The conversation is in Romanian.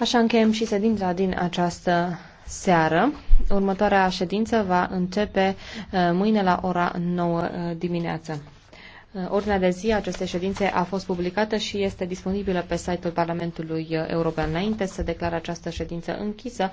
Așa încheiem și ședința din această seară. Următoarea ședință va începe uh, mâine la ora 9 uh, dimineață. Uh, ordinea de zi a acestei ședințe a fost publicată și este disponibilă pe site-ul Parlamentului European. Înainte să declar această ședință închisă,